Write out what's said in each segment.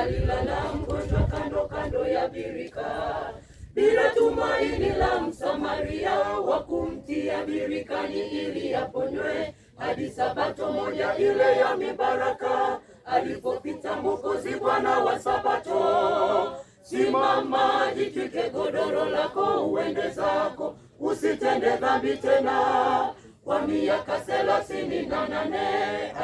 alilala mgonjwa kando kando ya birika, bila tumaini la Msamaria wa kumtia birikani ili aponywe, hadi sabato moja ile ya mibaraka alipopita Mwokozi, Bwana wa Sabato. Simama, jitwike godoro lako, uende zako, usitende dhambi tena. Kwa miaka thelathini na nane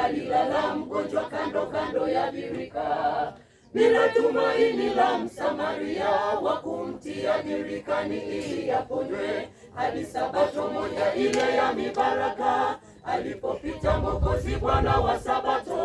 alilala mgonjwa kando kando ya birika bila tumaini la Msamaria wa kumtia dirikani ili yaponywe hadi Sabato moja ile ya mibaraka alipopita Mwokozi, Bwana wa Sabato.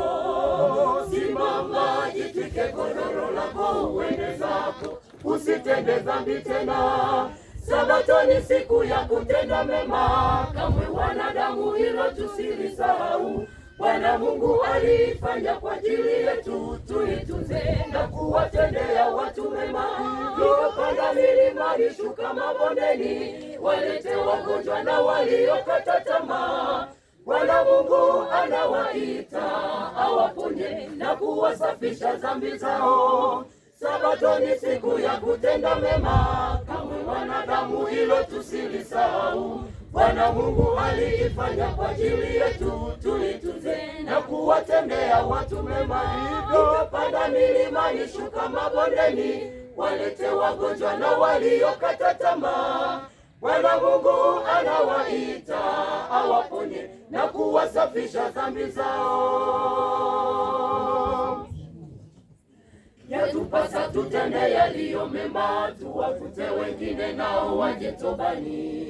Simama, jitwike godoro lako uende zako, usitende dhambi tena. Sabato ni siku ya kutenda mema, kamwe wanadamu hilo tusilisahau. Bwana Mungu aliifanya kwa ajili yetu, tuitunze na kuwatendea watu mema. Nikapanda milima, nishuka mabondeni, walete wagonjwa na waliokata tamaa. Bwana Mungu anawaita awaponye na kuwasafisha dhambi zao. Sabato ni siku ya kutenda mema, kamwe wanadamu, hilo tusilisahau. Bwana Mungu aliifanya kwa ajili yetu, tuitunze na kuwatendea watu mema. Hivyo panda milimani, mabondeni, walete wagonjwa na waliokata tamaa. Bwana Mungu anawaita awaponye na kuwasafisha dhambi zao. Yatupasa tutende yaliyo mema, tuwafute wengine nao waje tobani.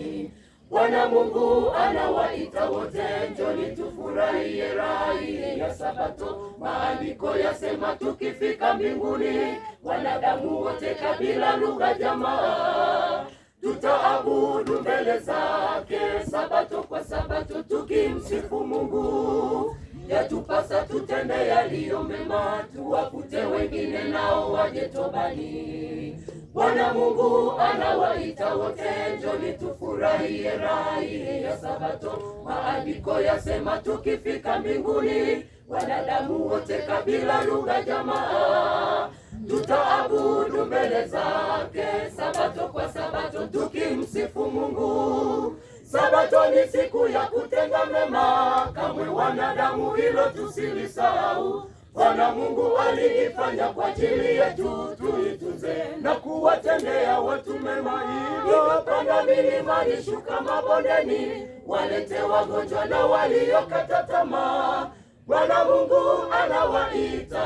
Bwana Mungu anawaita wote, njoni tufurahie rai ya Sabato. Maandiko yasema tukifika mbinguni, wanadamu wote, kabila, lugha, jamaa, tutaabudu mbele zake Sabato kwa Sabato, tukimsifu Mungu. Yatupasa tutende yaliyo mema, tuwakute wengine nao waje tobani. Bwana Mungu anawaita wote, njoni tufurahie rai ya Sabato. Maandiko yasema tukifika mbinguni, wanadamu wote, kabila, lugha, jamaa, tutaabudu mbele zake Sabato kwa Sabato, tukimsifu Mungu. Sabato ni siku ya kutenda mema, kamwe wanadamu hilo tusilisahau. Bwana Mungu aliifanya kwa ajili yetu, tuituze na kuwatendea watu mema. Hivyo panda milima nishuka mabondeni, walete wagonjwa na waliokata tamaa. Bwana Mungu anawaita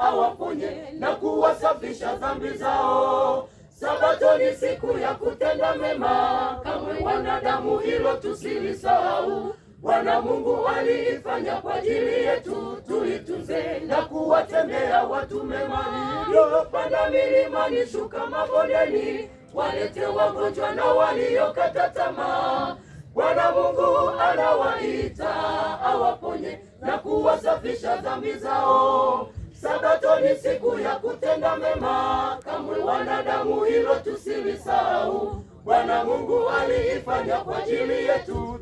awaponye na kuwasafisha dhambi zao. Sabato ni siku ya kutenda mema, kamwe wanadamu hilo tusilisahau. Bwana Mungu aliifanya kwa ajili yetu tu tuze na kuwatendea watu mema. Hivyo panda ni shuka mabondeni, walete wagonjwa na waliokata tamaa. Bwana Mungu anawaita awaponye na kuwasafisha dhambi zao. Sabato ni siku ya kutenda mema, kamwe wanadamu hilo tusilisahau. Bwana Mungu aliifanya kwa ajili yetu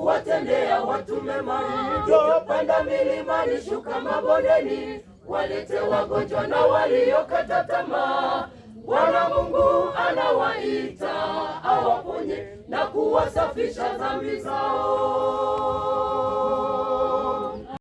kuwatendea watu mema. Njoo panda milimani, shuka mabondeni, walete wagonjwa na waliokata tamaa. Bwana Mungu anawaita awaponye na kuwasafisha dhambi zao.